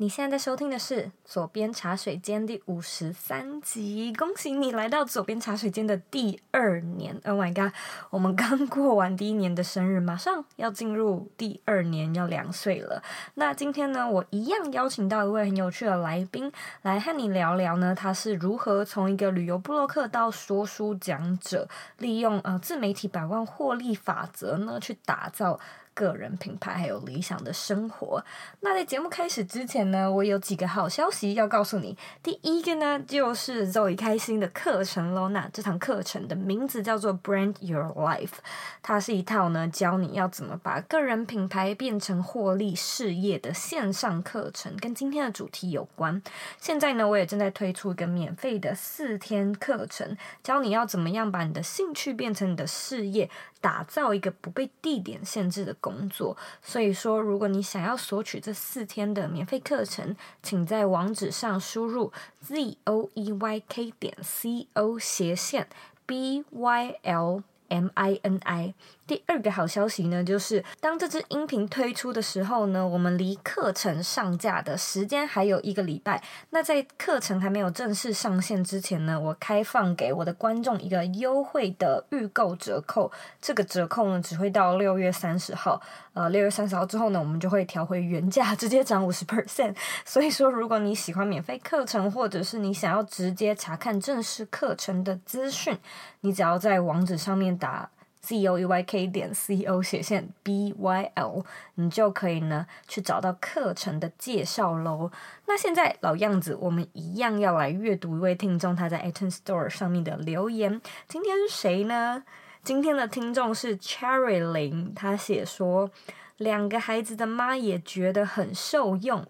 你現在在收聽的是《佐編茶水間》第五十三集，恭喜你來到《佐編茶水間》的第二年！Oh my god，我們剛過完第一年的生日，馬上要進入第二年，要兩歲了。那今天呢，我一樣邀請到一位很有趣的來賓，來和你聊聊呢，他是如何從一個旅遊部落客到說書講者，利用呃自媒體百萬獲利法則呢，去打造。個人品牌還有理想的生活。那在節目開始之前呢，我有幾個好消息要告訴你。第一個呢，就是 Zoey 開心的課程嘍。那這堂課程的名字叫做 Brand Your Life，它是一套呢，教你要怎麼把個人品牌變成獲利事業的線上課程，跟今天的主題有關。現在呢，我也正在推出一個免費的四天課程，教你要怎麼樣把你的興趣變成你的事業。打造一個不被地點限制的工作，所以說，如果你想要索取這四天的免費課程，請在網址上輸入 Z O E Y K 點 C O 斜線 B Y L。M I N I，第二個好消息呢，就是當這支音頻推出的時候呢，我們離課程上架的時間還有一個禮拜。那在課程還沒有正式上線之前呢，我開放給我的觀眾一個優惠的預購折扣，這個折扣呢只會到六月三十號。呃，六月三十號之後呢，我們就會調回原價，直接漲五十 percent。所以說，如果你喜歡免費課程，或者是你想要直接查看正式課程的資訊，你只要在網址上面打 z o e y k 點 c o 斜線 b y l，你就可以呢去找到課程的介紹嘍。那現在老樣子，我們一樣要來閱讀一位聽眾他在 iTunes Store 上面的留言。今天是誰呢？今天的聽眾是 Cherry 林，她寫說，兩個孩子的媽也覺得很受用。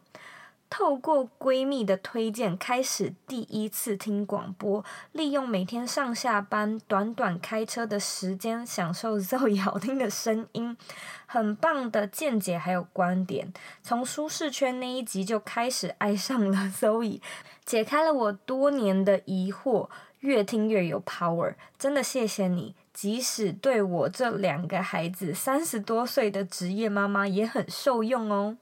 透過閨蜜的推薦，開始第一次聽廣播，利用每天上下班短短開車的時間，享受 Zoe 好聽的聲音，很棒的見解還有觀點。從舒適圈那一集就開始愛上了 Zoe，解開了我多年的疑惑，越聽越有 power，真的謝謝你。即使對我這兩個孩子，三十多歲的職業媽媽也很受用哦。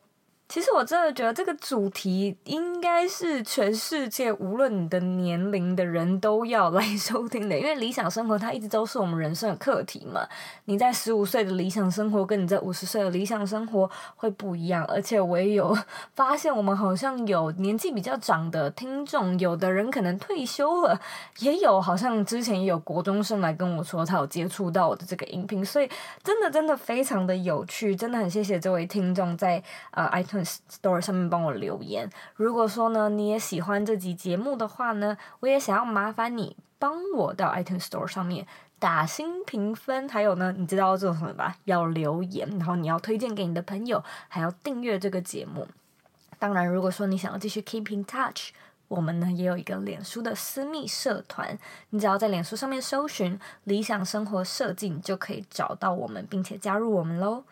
其實我真的覺得這個主題應該是全世界無論你的年齡的人都要來收聽的，因為理想生活它一直都是我們人生的課題嘛。你在十五歲的理想生活跟你在五十歲的理想生活會不一樣，而且我也有發現，我們好像有年紀比較長的聽眾，有的人可能退休了，也有好像之前也有國中生來跟我說，他有接觸到我的這個音頻，所以真的真的非常的有趣，真的很謝謝這位聽眾在呃 iTunes Store 上面幫我留言。如果說呢，你也喜歡這集節目的話呢，我也想要麻煩你幫我到 iTunes Store 上面打星評分。還有呢，你知道要做什麼吧？要留言，然後你要推薦給你的朋友，還要訂閱這個節目。當然，如果說你想要繼續 Keeping Touch，我們呢也有一個臉書的私密社團，你只要在臉書上面搜尋“理想生活設計”，你就可以找到我們，並且加入我們嘍。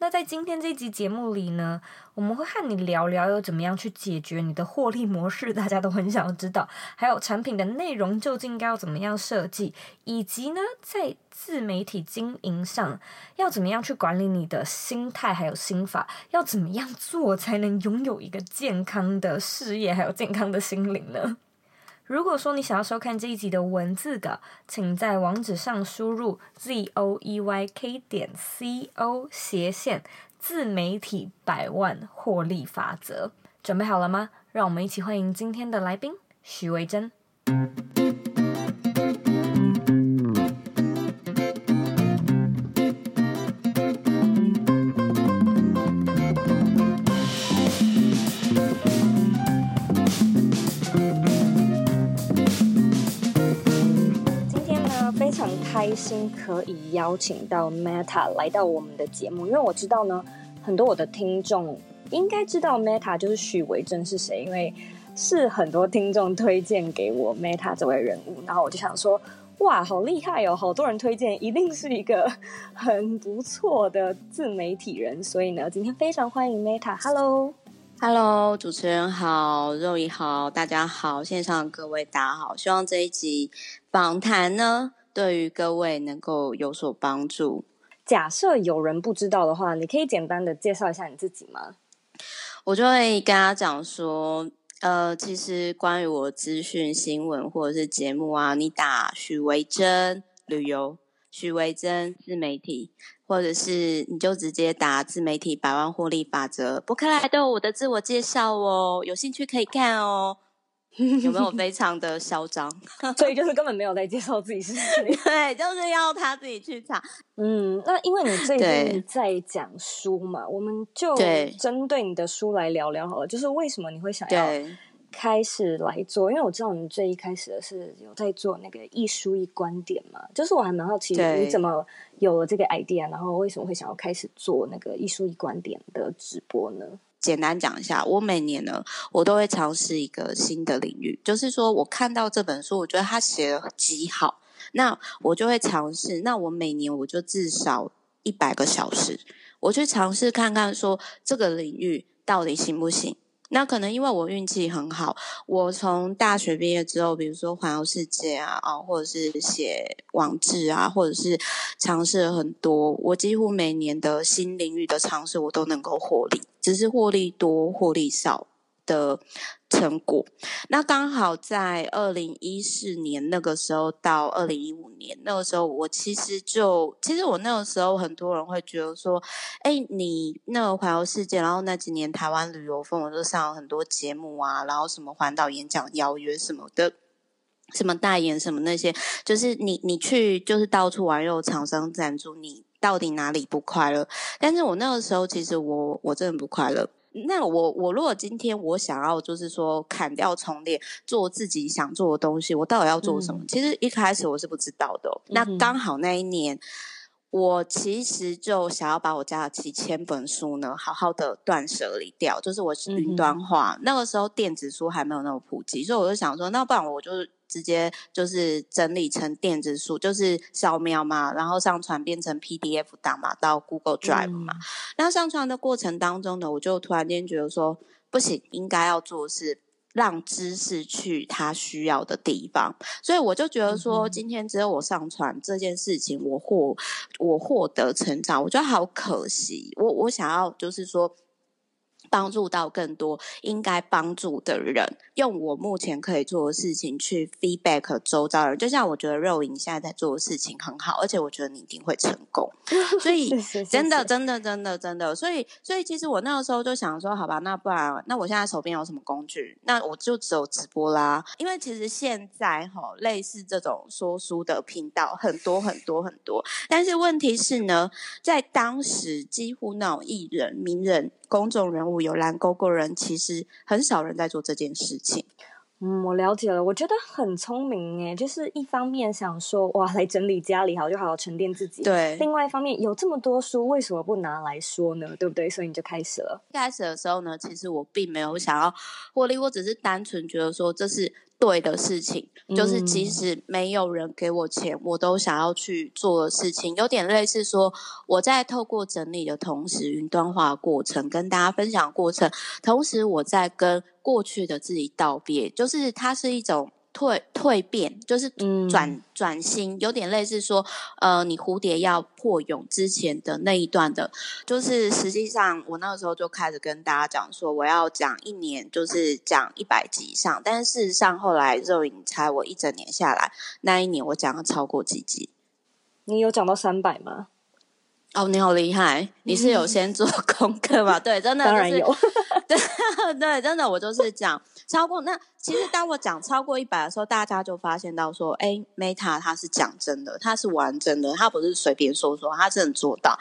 那在今天這集節目裡呢，我們會和你聊聊要怎麼樣去解決你的獲利模式，大家都很想要知道。還有產品的內容究竟該要怎麼樣設計，以及呢，在自媒體經營上要怎麼樣去管理你的心態，還有心法，要怎麼樣做才能擁有一個健康的事業，還有健康的心靈呢？如果說你想要收看這一集的文字稿，請在網址上輸入 z o e y k 點 c o 斜線自媒體百萬獲利法則。準備好了嗎？讓我們一起歡迎今天的來賓許維真。非常開心可以邀請到 Meta 來到我們的節目，因為我知道呢，很多我的聽眾應該知道 Meta 就是許維真是誰，因為是很多聽眾推薦給我 Meta 這位人物，然後我就想說，哇，好厲害哦，好多人推薦，一定是一個很不錯的自媒體人。所以呢，今天非常歡迎 Meta，Hello，Hello，主持人好，肉一好，大家好，現場各位大家好，希望這一集訪談呢，對於各位能夠有所幫助。假設有人不知道的話，你可以簡單的介紹一下你自己嗎？我就會跟他講說，呃，其實關於我的資訊、新聞或者是節目啊，你打許維真旅遊、許維真自媒體，或者是你就直接打自媒體百萬獲利法則博客來，都有我的自我介紹哦，有興趣可以看哦。有沒有非常的囂張？ 所以就是根本沒有在介紹自己是誰， 對，就是要他自己去查。嗯，那因為你最近在講書嘛，對我們就針對你的書來聊聊好了。就是為什麼你會想要開始來做？對因為我知道你最一開始的是有在做那個一書一觀點嘛。就是我還蠻好奇，對你怎麼有了這個 idea，然後為什麼會想要開始做那個一書一觀點的直播呢？簡單講一下，我每年呢，我都會嘗試一個新的領域。就是說我看到這本書，我覺得他寫得極好，那我就會嘗試。那我每年我就至少一百個小時，我去嘗試看看說，說這個領域到底行不行。那可能因為我運氣很好，我從大學畢業之後，比如說環遊世界啊，啊，或者是寫網誌啊，或者是嘗試了很多，我幾乎每年的新領域的嘗試，我都能夠獲利，只是獲利多獲利少。的成果，那剛好在二零一四年那個時候到二零一五年那個時候，我其實就其實我那個時候很多人會覺得說，哎、欸，你那個環遊世界，然後那幾年台灣旅遊風，我都上了很多節目啊，然後什麼環島演講邀約什麼的，什麼代言什麼那些，就是你你去就是到處玩又廠商贊助，你到底哪裡不快樂？但是我那個時候其實我我真的不快樂。那我我如果今天我想要就是說砍掉重練做自己想做的東西，我到底要做什麼？嗯、其實一開始我是不知道的。嗯、哼那剛好那一年，我其實就想要把我家的幾千本書呢，好好的斷捨離掉，就是我是雲端化。嗯、哼那個時候電子書還沒有那麼普及，所以我就想說，那不然我就。直接就是整理成電子書，就是掃描嘛，然後上傳變成 PDF 檔嘛，到 Google Drive 嘛。然後、嗯、上傳的過程當中呢，我就突然間覺得說，不行，應該要做的是讓知識去它需要的地方。所以我就覺得說，嗯嗯今天只有我上傳這件事情，我獲我獲得成長，我覺得好可惜。我我想要就是說。幫助到更多應該幫助的人，用我目前可以做的事情去 feedback 周遭人。就像我覺得 Zoey 現在在做的事情很好，而且我覺得你一定會成功。所以真的，真的，真的，真的，所以，所以，其實我那個時候就想說，好吧，那不然，那我現在手邊有什麼工具？那我就只有直播啦。因為其實現在哈、哦，類似這種說書的頻道很多很多很多，但是問題是呢，在當時幾乎那種藝人名人。公眾人物有藍勾勾人，其實很少人在做這件事情。嗯，我了解了，我覺得很聰明耶，就是一方面想說哇，來整理家裡好就好好沉澱自己，對；另外一方面有這麼多書，為什麼不拿來說呢？對不對？所以你就開始了。一開始的時候呢，其實我並沒有想要獲利，我只是單純覺得說，這是。對的事情，就是即使沒有人給我錢，嗯、我都想要去做的事情，有點類似說，我在透過整理的同時，雲端化的過程跟大家分享的過程，同時我在跟過去的自己道別，就是它是一種。蛻蛻變就是轉轉型，有點類似說，呃，你蝴蝶要破蛹之前的那一段的，就是實際上我那個時候就開始跟大家講說，我要講一年，就是講一百集以上，但是事實上後來肉影猜我一整年下來，那一年我講了超過幾集。你有講到三百嗎？哦，你好厲害！你是有先做功課嗎？嗯、哼對，真的、就是、當然有。對 對，真的，我就是講 超過那。其實當我講超過一百的時候，大家就發現到說，哎，Meta 他是講真的，他是玩真的，他不是隨便說說，他真的做到。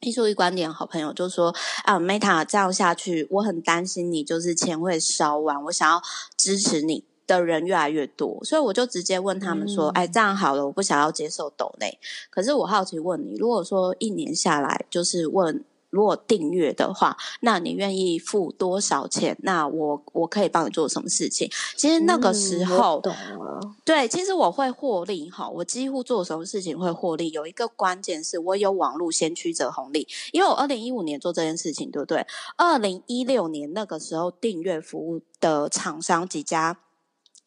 一書一觀點，好朋友就說啊，Meta 這樣下去，我很擔心你就是錢會燒完。我想要支持你的人越來越多，所以我就直接問他們說，哎、嗯，這樣好了，我不想要接受抖內。可是我好奇問你，如果說一年下來，就是問。如果訂閱的話，那你願意付多少錢？那我我可以幫你做什麼事情？其實那個時候，嗯，我懂了。對，其實我會獲利哈。我幾乎做什麼事情會獲利，有一個關鍵是我有網絡先驅者紅利，因為我二零一五年做這件事情，對不對？二零一六年那個時候，訂閱服務的廠商幾家，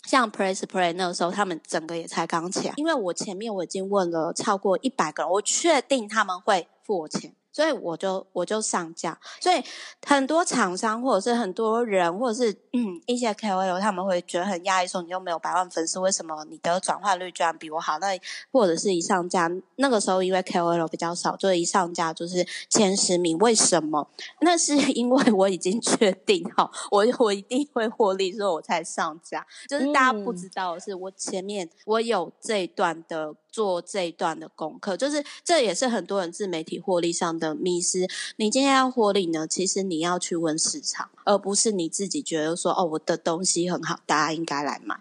像 Press Play 那個時候，他們整個也才剛起來。因為我前面我已經問了超過一百個人，我確定他們會付我錢。所以我就我就上架，所以很多廠商或者是很多人或者是嗯一些 KOL 他們會覺得很訝異，說你又沒有百萬粉絲，為什麼你的轉化率居然比我好？那或者是一上架，那個時候因為 KOL 比較少，就一上架就是前十名，為什麼？那是因為我已經確定好，我我一定會獲利，所以我才上架。就是大家不知道的是，我前面我有這一段的。做這一段的功課，就是這也是很多人自媒體獲利上的迷思。你今天要獲利呢，其實你要去問市場，而不是你自己覺得說：“哦，我的東西很好，大家應該來買。”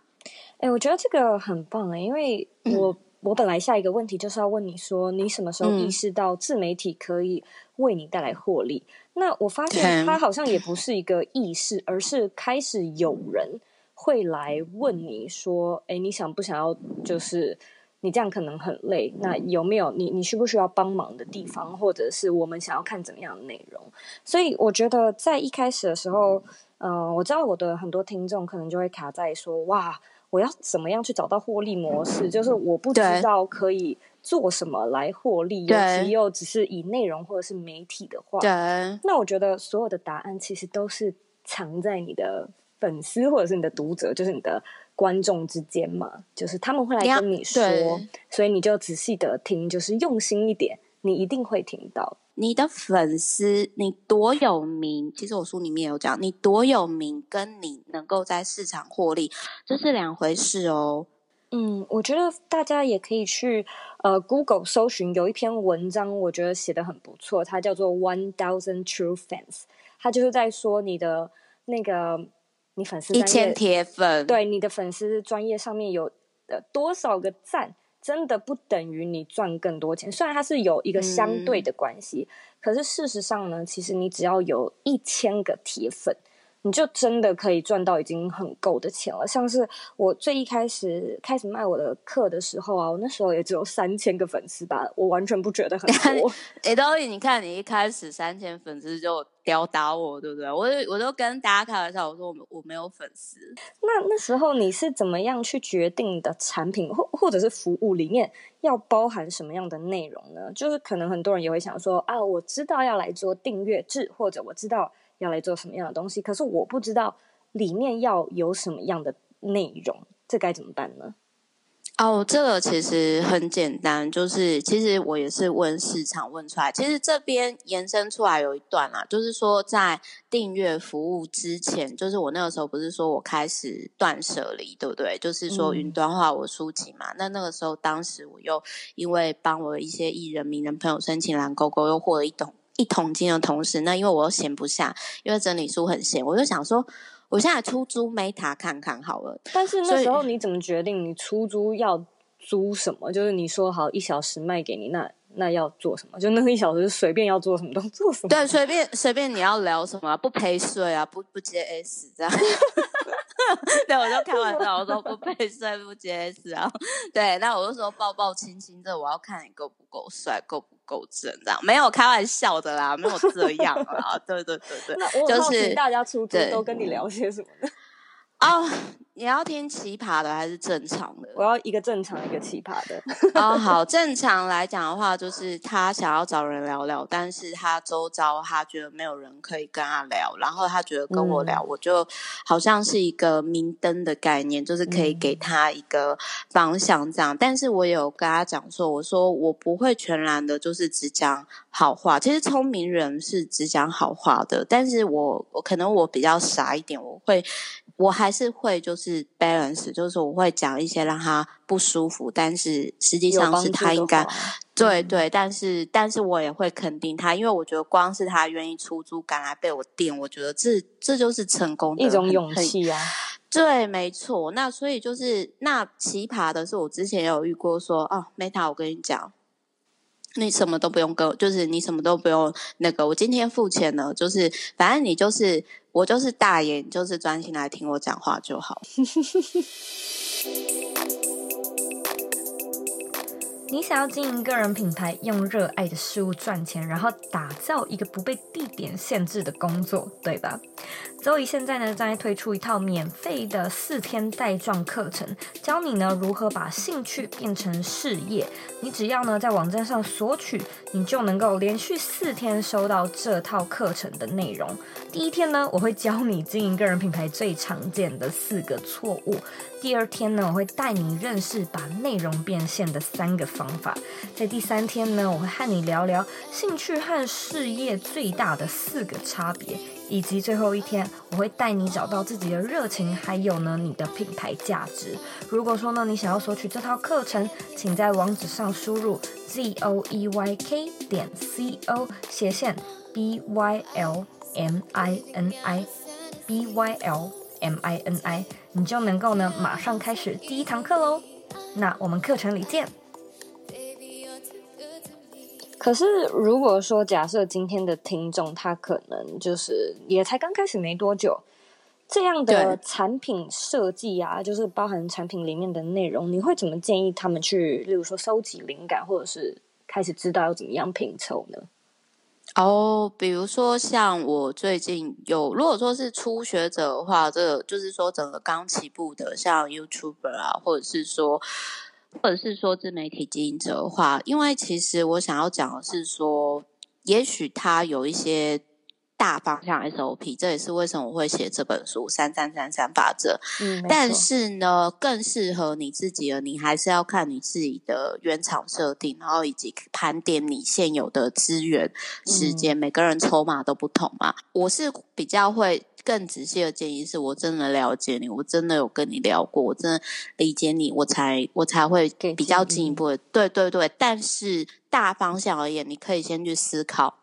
哎、欸，我覺得這個很棒哎、欸，因為我、嗯、我本來下一個問題就是要問你說，你什麼時候意識到自媒體可以為你帶來獲利？嗯、那我發現他好像也不是一個意識，而是開始有人會來問你說：“哎、欸，你想不想要？”就是。你這樣可能很累，那有沒有你你需不需要幫忙的地方，或者是我們想要看怎麼樣的內容？所以我覺得在一開始的時候，嗯、呃，我知道我的很多聽眾可能就會卡在說，哇，我要怎麼樣去找到獲利模式？就是我不知道可以做什麼來獲利，尤其又只是以內容或者是媒體的話，對那我覺得所有的答案其實都是藏在你的粉絲或者是你的讀者，就是你的。觀眾之間嘛，就是他們會來跟你說，你所以你就仔細的聽，就是用心一點，你一定會聽到。你的粉絲，你多有名？其實我書裡面也有講，你多有名跟你能夠在市場獲利，這，就是兩回事哦。嗯，我覺得大家也可以去呃 Google 搜尋，有一篇文章，我覺得寫得很不錯，它叫做 One Thousand True Fans，它就是在說你的那個。你粉絲一千鐵粉，對你的粉絲專頁上面有呃多少個讚，真的不等於你賺更多錢。雖然它是有一個相對的關係，嗯、可是事實上呢，其實你只要有一千個鐵粉。你就真的可以賺到已經很夠的錢了。像是我最一開始開始賣我的課的時候啊，我那時候也只有三千個粉絲吧，我完全不覺得很多。哎，到底你看你一開始三千粉絲就吊打我，對不對？我我都跟大家開玩笑，我說我我沒有粉絲。那那時候你是怎麼樣去決定的產品或或者是服務裡面要包含什麼樣的內容呢？就是可能很多人也會想說啊，我知道要來做訂閱制，或者我知道。要來做什麼樣的東西？可是我不知道裡面要有什麼樣的內容，這該怎麼辦呢？哦，這個其實很簡單，就是其實我也是問市場問出來。其實這邊延伸出來有一段啦、啊，就是說在訂閱服務之前，就是我那個時候不是說我開始斷舍離，對不對？就是說雲端化我書籍嘛。嗯、那那個時候，當時我又因為幫我的一些藝人、名人朋友申請藍勾勾，又獲得一桶。一桶金的同時，那因為我又閒不下，因為整理書很閒，我就想說，我現在出租 Meta 看看好了。但是那時候你怎麼決定你出租要租什麼？以就是你說好一小時賣給你，那那要做什麼？就那一小時隨便要做什麼都做什麼？對，隨便隨便你要聊什麼，不陪睡啊，不啊不,不接 S 這樣。 對，我就開玩笑，我說不陪睡，不接 S 啊。對，那我就說抱抱親親，這我要看你夠不夠帥，夠不？這樣，沒有開玩笑的啦，沒有這樣啦 對，對對對對，就是大家出去，就是、對都跟你聊些什麼呢？啊、嗯。Oh. 你要聽奇葩的還是正常的？我要一個正常，一個奇葩的。 哦，好，正常來講的話，就是他想要找人聊聊，但是他周遭他覺得沒有人可以跟他聊，然後他覺得跟我聊，嗯、我就好像是一個明燈的概念，就是可以給他一個方向這樣。嗯、但是我有跟他講說，我說我不會全然的，就是只講好話。其實聰明人是只講好話的，但是我我可能我比較傻一點，我會我還是會就是。是 balance，就是我會講一些讓他不舒服，但是實際上是他應該，對對，但是但是我也會肯定他，因為我覺得光是他願意出租趕來被我訂，我覺得這這就是成功的一種勇氣啊。對，沒錯。那所以就是，那奇葩的是，我之前也有遇過說哦，Meta，我跟你講。你什麼都不用跟，就是你什麼都不用那個。我今天付錢了，就是反正你就是我就是大爺，你就是專心來聽我講話就好。 你想要經營個人品牌，用熱愛的事物賺錢，然後打造一個不被地點限制的工作，對吧？Zoey 現在呢，正在推出一套免費的四天帶狀課程，教你呢如何把興趣變成事業。你只要呢在網站上索取，你就能夠連續四天收到這套課程的內容。第一天呢，我會教你經營個人品牌最常見的四個錯誤。第二天呢，我會帶你認識把內容變現的三個方法。在第三天呢，我會和你聊聊興趣和事業最大的四個差別。以及最後一天，我會帶你找到自己的熱情，還有呢，你的品牌價值。如果說呢，你想要索取這套課程，請在網址上輸入 z o e y k 點 c o 斜線 b y l m i n i，b y l m i n i，你就能夠呢馬上開始第一堂課嘍。那我們課程裡見。可是，如果說假設今天的聽眾他可能就是也才剛開始沒多久，這樣的產品設計啊，對就是包含產品裡面的內容，你會怎麼建議他們去，例如說收集靈感，或者是開始知道要怎麼樣拼湊呢？哦，oh, 比如說像我最近有，如果說是初學者的話，這個、就是說整個剛起步的，像 YouTuber 啊，或者是說。或者是說自媒體經營者的話，因為其實我想要講的是說，也許他有一些大方向 SOP，這也是為什麼我會寫這本書《三三三三法則》。嗯，但是呢，沒錯。更適合你自己的，你還是要看你自己的原廠設定，然後以及盤點你現有的資源、嗯、時間，每個人籌碼都不同嘛。我是比較會。更仔細的建議是我真的了解你，我真的有跟你聊過，我真的理解你，我才我才會比較進一步的。對對對，但是大方向而言，你可以先去思考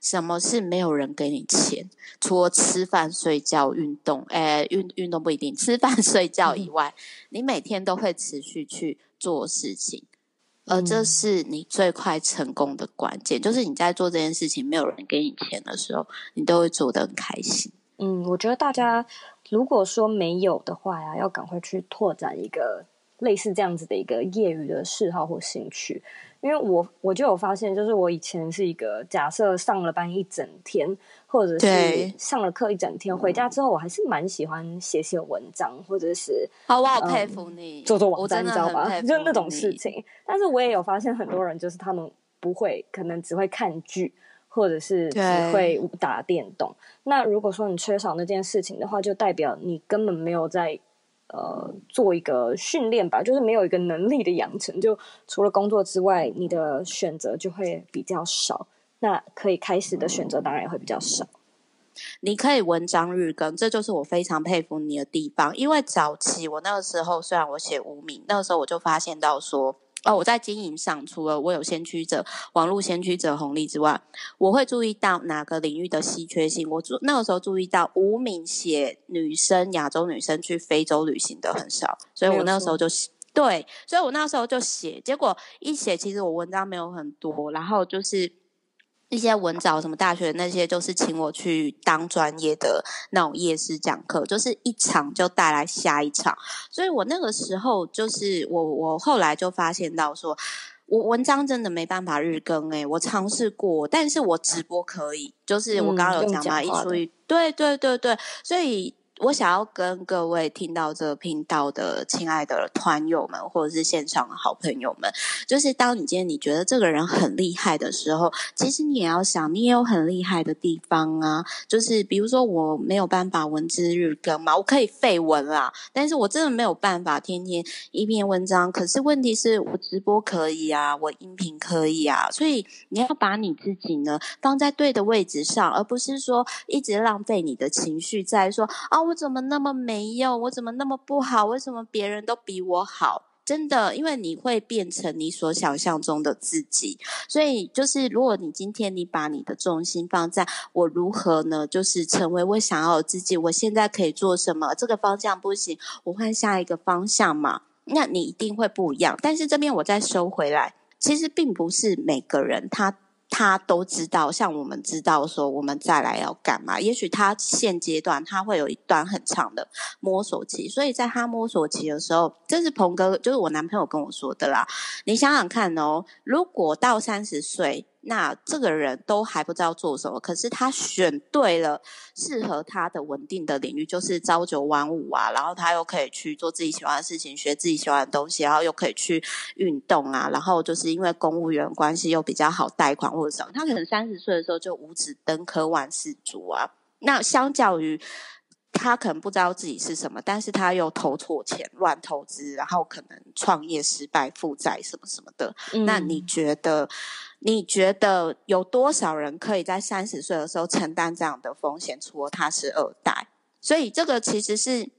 什麼是沒有人給你錢，除了吃飯、睡覺、運動，哎、呃，運運動不一定，吃飯、睡覺以外，嗯、你每天都會持續去做事情，而這是你最快成功的關鍵。嗯、就是你在做這件事情，沒有人給你錢的時候，你都會做得很開心。嗯，我覺得大家如果說沒有的話呀，要趕快去拓展一個類似這樣子的一個業餘的嗜好或興趣。因為我我就有發現，就是我以前是一個假設上了班一整天，或者是上了課一整天，對回家之後我還是蠻喜歡寫寫文章，或者是好吧、嗯、我好佩服你做做網站你，你知道吧？就那種事情。但是我也有發現很多人就是他們不會，可能只會看劇。或者是只會打電動，對那如果說你缺少那件事情的話，就代表你根本沒有在呃做一個訓練吧，就是沒有一個能力的養成。就除了工作之外，你的選擇就會比較少，那可以開始的選擇當然也會比較少。你可以文章日更，這就是我非常佩服你的地方。因為早期我那個時候，雖然我寫無名，那時候我就發現到說，哦，我在經營上，除了我有先驅者網絡先驅者紅利之外，我會注意到哪個領域的稀缺性。我注那個時候注意到，無名寫女生、亞洲女生去非洲旅行的很少，所以我那時候就寫。對，所以我那時候就寫。結果一寫，其實我文章沒有很多，然後就是。一些文藻什麼大學的那些，就是請我去當專業的那種夜市講課，就是一場就帶來下一場，所以我那個時候就是我我後來就發現到說，我文章真的沒辦法日更誒、欸、我嘗試過，但是我直播可以，就是我剛剛有講嘛，嗯、講一書一，對對對對，所以。我想要跟各位聽到這個頻道的親愛的團友們，或者是現場的好朋友們，就是當你今天你覺得這個人很厲害的時候，其實你也要想，你也有很厲害的地方啊。就是比如說，我沒有辦法文字日更嘛，我可以廢文啦，但是我真的沒有辦法天天一篇文章。可是問題是我直播可以啊，我音頻可以啊，所以你要把你自己呢放在對的位置上，而不是說一直浪費你的情緒在說啊。我怎麼那麼沒用？我怎麼那麼不好？為什麼別人都比我好？真的，因為你會變成你所想象中的自己。所以，就是如果你今天你把你的重心放在我如何呢？就是成為我想要的自己，我現在可以做什麼？這個方向不行，我換下一個方向嘛。那你一定會不一樣。但是這邊我再收回來，其實並不是每個人他。他都知道，像我們知道的時候，說我們再來要幹嘛？也許他現階段他會有一段很長的摸索期，所以在他摸索期的時候，這是鵬哥，就是我男朋友跟我說的啦。你想想看哦，如果到三十歲。那這個人都還不知道做什麼，可是他選對了適合他的穩定的領域，就是朝九晚五啊，然後他又可以去做自己喜歡的事情，學自己喜歡的東西，然後又可以去運動啊，然後就是因為公務員關係又比較好貸款或者什麼，他可能三十歲的時候就五子登科萬事足啊。那相較於他可能不知道自己是什麼，但是他又投錯錢亂投資，然後可能創業失敗負債什麼什麼的，嗯、那你覺得？你覺得有多少人可以在三十歲的時候承擔這樣的風險？除了他是二代，所以這個其實是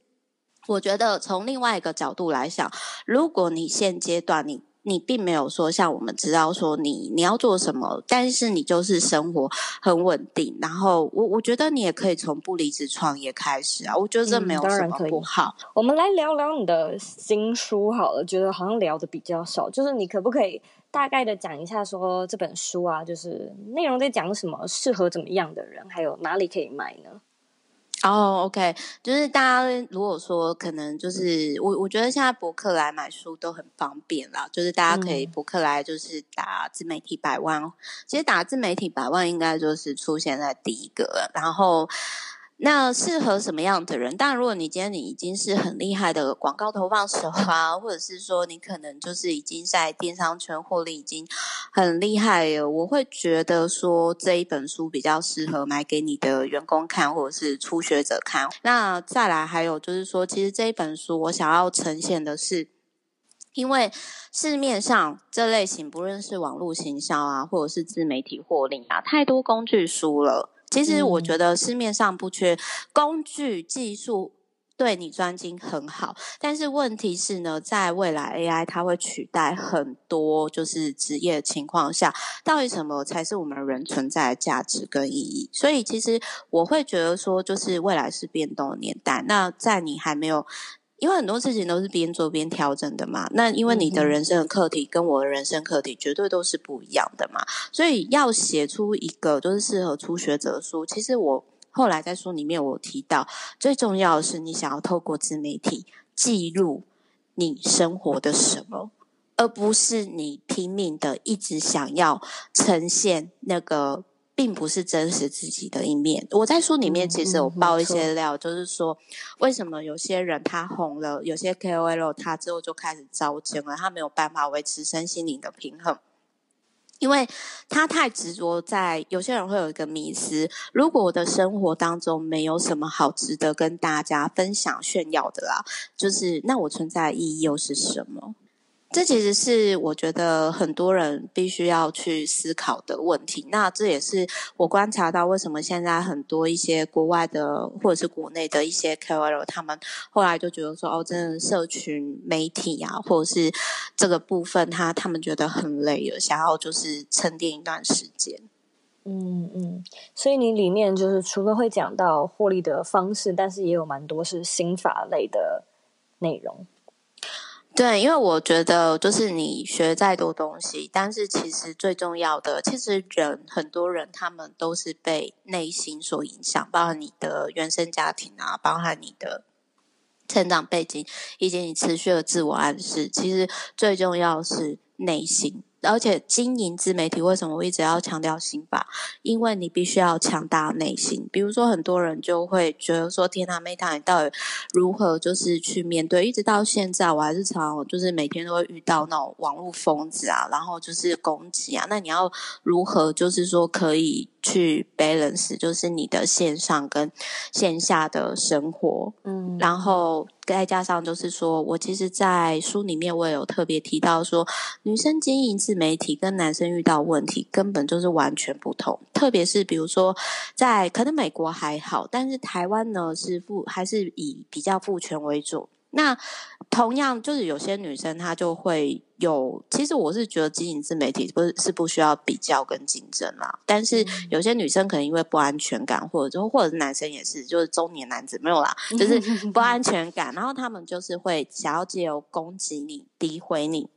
我覺得從另外一個角度來想，如果你現階段，你你並沒有說像我們知道說你你要做什麼，但是你就是生活很穩定，然後我我覺得你也可以從不離職創業開始啊，我覺得這沒有什麼不好，嗯。我們來聊聊你的新書好了，覺得好像聊的比較少，就是你可不可以？大概的講一下，說這本書啊，就是內容在講什麼，適合怎麼樣的人，還有哪裡可以買呢？哦、oh，OK，就是大家如果說可能就是我，我覺得現在博客來買書都很方便啦，就是大家可以博客來就是打自媒體百萬，其實打自媒體百萬應該就是出現在第一個，然後。那適合什麼樣的人？但如果你今天你已經是很厲害的廣告投放手啊，或者是說你可能就是已經在電商圈獲利已經很厲害了，我會覺得說這一本書比較適合買給你的員工看，或者是初學者看。那再來還有就是說，其實這一本書我想要呈現的是，因為市面上這類型不論是網絡行銷啊，或者是自媒體獲利啊，太多工具書了。其實我覺得市面上不缺工具技術，對你專精很好，但是問題是呢，在未來 AI 它會取代很多就是職業情況下，到底什麼才是我們人存在的價值跟意義？所以其實我會覺得說，就是未來是變動的年代，那在你還沒有。因為很多事情都是邊做邊調整的嘛。那因為你的人生的課題跟我的人生課題絕對都是不一樣的嘛，所以要寫出一個就是適合初學者的書。其實我後來在書裡面我有提到，最重要的是你想要透過自媒體記錄你生活的什麼，而不是你拼命的一直想要呈現那個。並不是真實自己的一面。我在書裡面其實有爆一些料，就是說為什麼有些人他紅了，有些 KOL 他之後就開始招驚了，他沒有辦法維持身心靈的平衡，因為他太執着在。有些人會有一個迷思，如果我的生活當中沒有什麼好值得跟大家分享炫耀的啦、啊，就是那我存在的意義又是什麼？這其實是我覺得很多人必須要去思考的問題。那這也是我觀察到，為什麼現在很多一些國外的或者是國內的一些 KOL，他們後來就覺得說：“哦，真的社群媒體啊，或者是這個部分他，他他們覺得很累了，想要就是沉澱一段時間。”嗯嗯嗯，所以你裡面就是除了會講到獲利的方式，但是也有蠻多是心法類的內容。對，因為我覺得就是你學再多東西，但是其實最重要的，其實人很多人他們都是被內心所影響，包含你的原生家庭啊，包含你的成長背景，以及你持續的自我暗示。其實最重要是內心。而且經營自媒體，為什麼我一直要強調心法？因為你必須要強大內心。比如說，很多人就會覺得說：“天啊，梅塔，你到底如何就是去面對？”一直到現在，我還是常常就是每天都會遇到那種網絡瘋子啊，然後就是攻擊啊。那你要如何就是說可以？去 balance 就是你的線上跟線下的生活，嗯，然後再加上就是說，我其實在書裡面我也有特別提到說，女生經營自媒體跟男生遇到問題根本就是完全不同，特別是比如說在可能美國還好，但是台灣呢是父，還是以比較父權為主，那同樣就是有些女生她就會。有，其實我是覺得經營自媒體不是是不需要比較跟競爭啦。但是有些女生可能因為不安全感，或者就或者是男生也是，就是中年男子沒有啦，就是不安全感。 然後他們就是會想要借由攻擊你、詆毀你，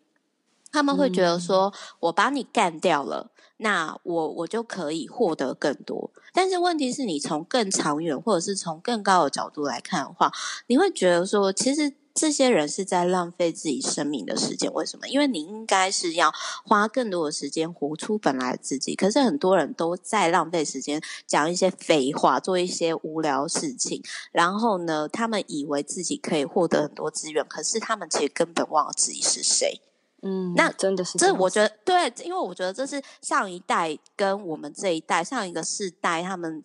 他們會覺得說，嗯、我把你幹掉了，那我我就可以獲得更多。但是問題是你從更長遠，或者是從更高的角度來看的話，你會覺得說，其實。這些人是在浪費自己生命的時間，為什麼？因為你應該是要花更多的時間活出本來的自己。可是很多人都在浪費時間，講一些廢話，做一些無聊事情。然後呢，他們以為自己可以獲得很多資源，可是他們其實根本忘了自己是誰。嗯，那真的是這，我覺得對，因為我覺得這是上一代跟我們這一代上一個世代他們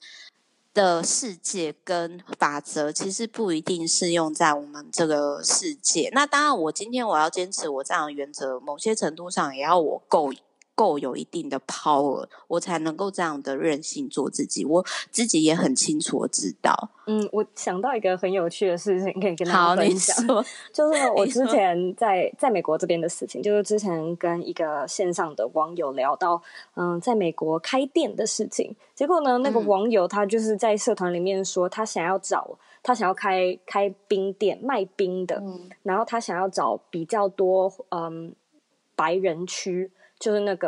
的世界跟法則，其實不一定適用在我們這個世界。那當然，我今天我要堅持我這樣的原則，某些程度上也要我夠。夠有一定的 power，我才能夠這樣的任性做自己。我自己也很清楚知道。嗯，我想到一個很有趣的事情，可以跟大家分享，說就是我之前在說在美國這邊的事情，就是之前跟一個線上的網友聊到，嗯，在美國開店的事情。結果呢，那個網友他就是在社團裡面說，他想要找、嗯、他想要開開冰店賣冰的，嗯、然後他想要找比較多嗯白人區。就是那個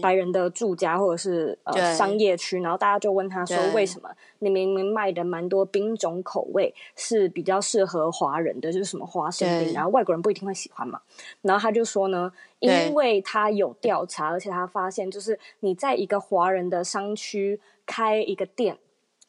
白人的住家或者是對呃商業區，然後大家就問他說：“為什麼你明明賣的蠻多冰種口味是比較適合華人的，就是什麼花生冰，對然後外國人不一定會喜歡嘛？”然後他就說呢，因為他有調查，對而且他發現就是你在一個華人的商區開一個店，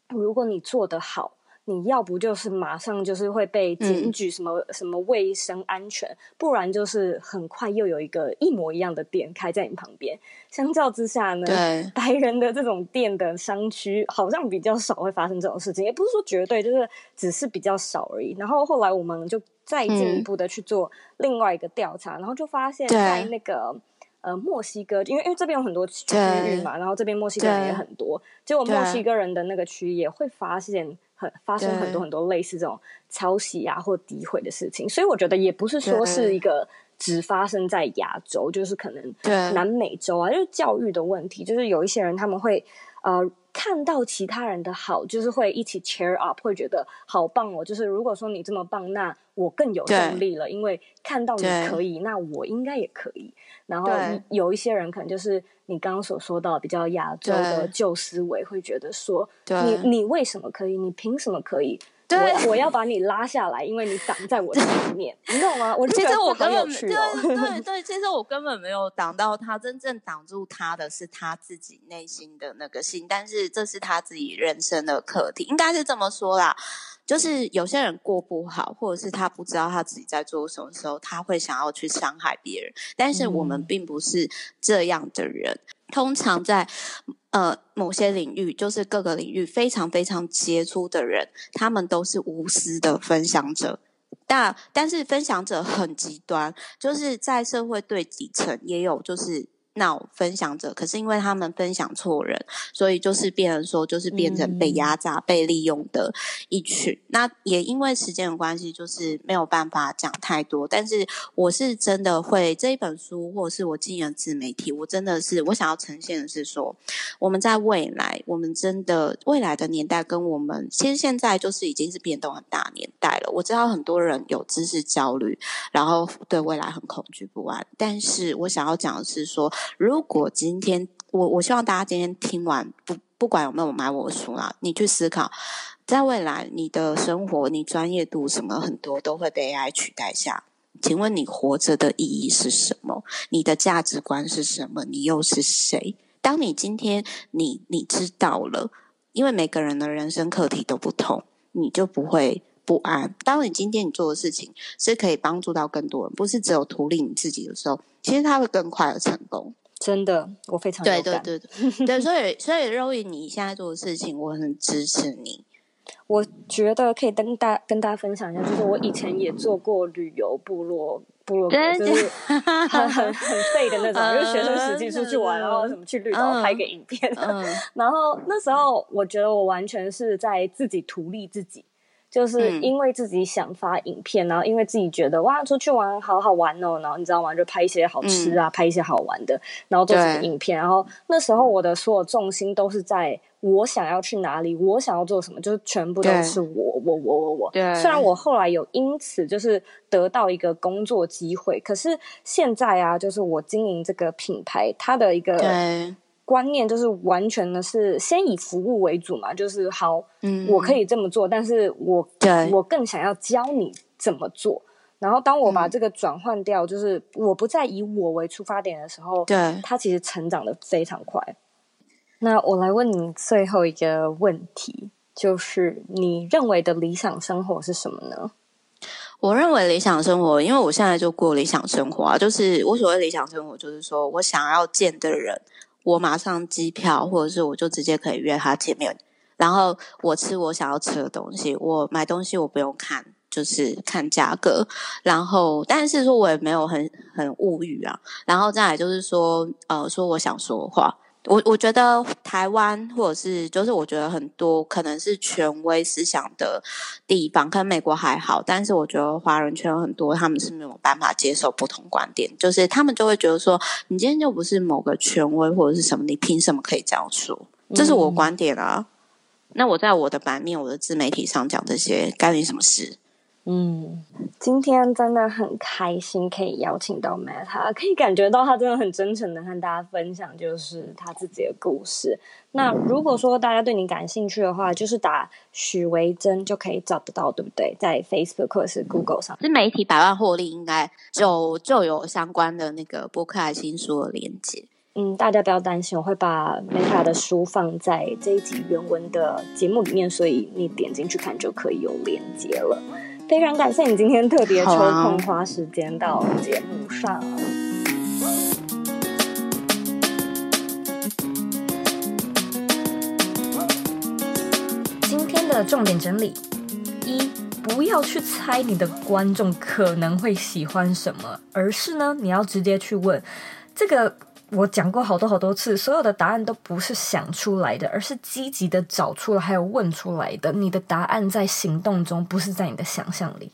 如果你做得好。你要不就是馬上就是會被檢舉什麼、嗯、什麼衛生安全，不然就是很快又有一個一模一樣的店開在你旁邊。相較之下呢，白對人的這種店的商區好像比較少會發生這種事情，也不是說絕對，就是只是比較少而已。然後後來我們就再進一步的去做另外一個調查，嗯、然後就發現在那個對呃墨西哥，因為因為這邊有很多區域嘛，對然後這邊墨西哥人也很多，對結果墨西哥人的那個區也會發現。很發生很多很多類似這種抄襲啊或詆毀的事情，所以我覺得也不是說是一個只發生在亞洲，就是可能南美洲啊，就是教育的問題，就是有一些人他們會呃。看到其他人的好，就是會一起 cheer up，會覺得好棒哦！就是如果說你這麼棒，那我更有動力了，對因為看到你可以，對那我應該也可以。然後對有一些人可能就是你剛剛所說到比較亞洲的舊思維，對會覺得說，對你你為什麼可以？你憑什麼可以？對，我，我要把你拉下來，因為你擋在我的前面， 你懂嗎？我，其實我根本就對對，其實我根本沒有擋到他， 真正擋住他的是他自己內心的那個心，但是這是他自己人生的課題，應該是這麼說啦。就是有些人過不好，或者是他不知道他自己在做什麼時候，他會想要去傷害別人。但是我們並不是這樣的人。嗯、通常在呃某些領域，就是各個領域非常非常傑出的人，他們都是無私的分享者。但但是分享者很極端，就是在社會最底層也有，就是。那分享者，可是因為他們分享錯人，所以就是變成說，就是變成被壓榨、嗯、被利用的一群。那也因為時間的關係，就是沒有辦法講太多。但是我是真的會這一本書，或者是我經營自媒體，我真的是我想要呈現的是說，我們在未來，我們真的未來的年代跟我們其實現在就是已經是變動很大年代了。我知道很多人有知識焦慮，然後對未來很恐懼不安。但是我想要講的是說。如果今天我，我希望大家今天聽完不不管有沒有買我書啦、啊，你去思考，在未來你的生活、你專業度什麼很多都會被 AI 取代下。請問你活着的意義是什麼？你的價值觀是什麼？你又是誰？當你今天你你知道了，因為每個人的人生課題都不同，你就不會不安。當你今天你做的事情是可以幫助到更多人，不是只有圖利你自己的時候。其實他會更快的成功，真的，我非常有感，對對對對，所以所以，Zoey 你現在做的事情，我很支持你。 我覺得可以跟大跟大家分享一下，就是我以前也做過旅遊部落部落，就是很、嗯、很很廢的那種，因為、嗯、學生時期出去玩，嗯、然後什麼去綠島拍個影片，嗯嗯、 然後那時候我覺得我完全是在自己圖利自己。就是因為自己想發影片，嗯、然後因為自己覺得哇，出去玩好好玩哦，然後你知道嗎？就拍一些好吃啊，嗯、拍一些好玩的，然後做成影片。對然後那時候我的所有重心都是在我想要去哪裡，我想要做什麼，就是全部都是我，對我，我，我，我。對雖然我後來有因此就是得到一個工作機會，可是現在啊，就是我經營這個品牌，它的一個。對觀念就是完全的是先以服務為主嘛，就是好，嗯，我可以這麼做，但是我對我更想要教你怎麼做。然後當我把這個轉換掉，嗯、就是我不再以我為出發點的時候，對，他其實成長得非常快。那我來問你最後一個問題，就是你認為的理想生活是什麼呢？我認為理想生活，因為我現在就過理想生活，啊，就是我所謂理想生活，就是說我想要見的人。我馬上機票，或者是我就直接可以約他見面，然後我吃我想要吃的東西，我買東西我不用看，就是看價格，然後但是說我也沒有很很物慾啊，然後再來就是說，呃，說我想說的話。我我覺得台灣或者是就是我覺得很多可能是權威思想的地方，可能美國還好，但是我覺得華人圈很多，他們是沒有辦法接受不同觀點，就是他們就會覺得說，你今天就不是某個權威或者是什麼，你憑什麼可以這樣說？這是我觀點啊。嗯嗯嗯。那我在我的版面、我的自媒體上講這些，干你什麼事？嗯，今天真的很開心，可以邀請到 Meta，可以感覺到他真的很真誠的和大家分享，就是他自己的故事。那如果說大家對你感興趣的話，就是打許維真就可以找得到，對不對？在 Facebook 或是 Google 上，其實媒體百萬獲利應該就就有相關的那個博客和新書的鏈接。嗯，大家不要擔心，我會把 Meta 的書放在這一集原文的節目裡面，所以你點進去看就可以有鏈接了。非常感謝你今天特別抽空花時間到節目上。啊、今天的重點整理：一，不要去猜你的觀眾可能會喜歡什麼，而是呢，你要直接去問這個。我講過好多好多次，所有的答案都不是想出來的，而是積極的找出來，還有問出來的。你的答案在行動中，不是在你的想象裡。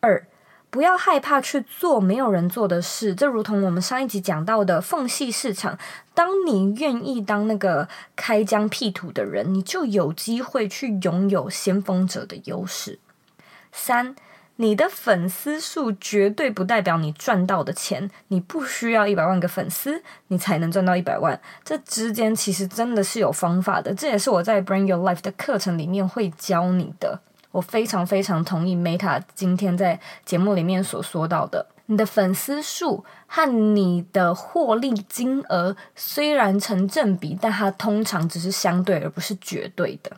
二，不要害怕去做沒有人做的事。這如同我們上一集講到的縫隙市場。當你願意當那個開疆闢土的人，你就有機會去擁有先鋒者的優勢。三。你的粉絲數絕對不代表你賺到的錢，你不需要一百萬個粉絲，你才能賺到一百萬。這之間其實真的是有方法的，這也是我在 Brand Your Life 的課程裡面會教你的。我非常非常同意 Meta 今天在節目裡面所說到的，你的粉絲數和你的獲利金額雖然成正比，但它通常只是相對而不是絕對的。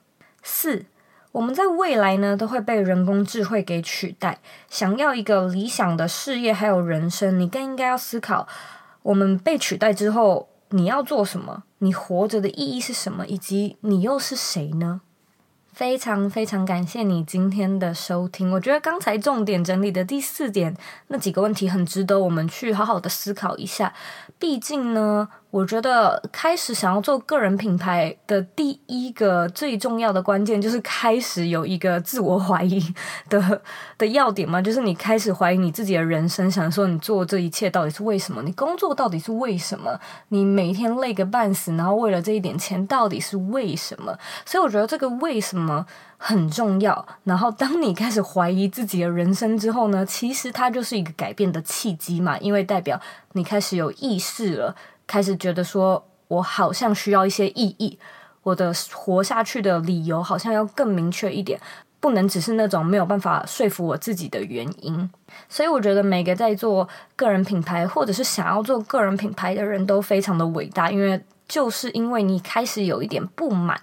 四。我們在未來呢，都會被人工智慧給取代。想要一個理想的事業還有人生，你更應該要思考，我們被取代之後你要做什麼？你活着的意義是什麼？以及你又是誰呢？非常非常感謝你今天的收聽。我覺得剛才重點整理的第四點那幾個問題，很值得我們去好好的思考一下。畢竟呢。我覺得開始想要做個人品牌的第一個最重要的關鍵，就是開始有一個自我懷疑的的要點嘛，就是你開始懷疑你自己的人生，想說你做這一切到底是為什麼？你工作到底是為什麼？你每天累個半死，然後為了這一點錢到底是為什麼？所以我覺得這個為什麼很重要。然後當你開始懷疑自己的人生之後呢，其實它就是一個改變的契機嘛，因為代表你開始有意識了。開始覺得說，我好像需要一些意義，我的活下去的理由好像要更明確一點，不能只是那種沒有辦法說服我自己的原因。所以我覺得每個在做個人品牌，或者是想要做個人品牌的人都非常的偉大，因為就是因為你開始有一點不滿，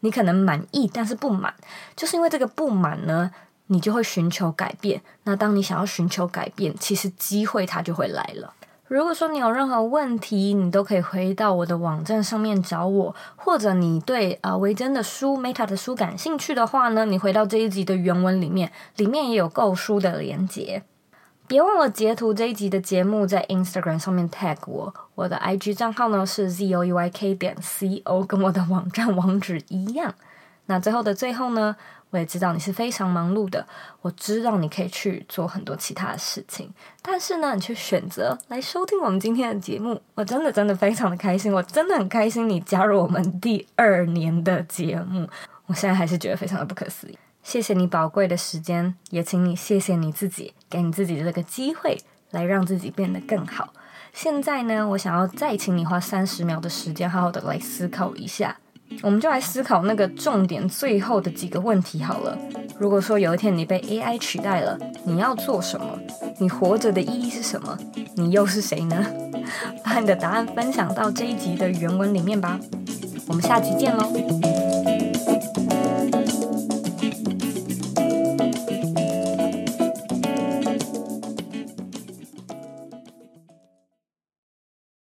你可能滿意但是不滿，就是因為這個不滿呢，你就會尋求改變。那當你想要尋求改變，其實機會它就會來了。如果說你有任何問題，你都可以回到我的網站上面找我，或者你對啊、呃、維真的書、Meta 的書感興趣的話呢，你回到這一集的原文裡面，裡面也有購書的連接。別忘了截圖這一集的節目在 Instagram 上面 tag 我，我的 IG 賬號呢是 zoyk 點 co，跟我的網站網址一樣。那最後的最後呢，我也知道你是非常忙碌的，我知道你可以去做很多其他的事情，但是呢，你卻選擇來收聽我們今天的節目，我真的真的非常的開心，我真的很開心你加入我們第二年的節目，我現在還是覺得非常的不可思議。謝謝你寶貴的時間，也請你謝謝你自己，給你自己的這個機會來讓自己變得更好。現在呢，我想要再請你花三十秒的時間，好好的來思考一下。我們就來思考那個重點最後的幾個問題好了。如果說有一天你被 AI 取代了，你要做什麼？你活着的意義是什麼？你又是誰呢？把你的答案分享到這一集的原文裡面吧。我們下期見嘍。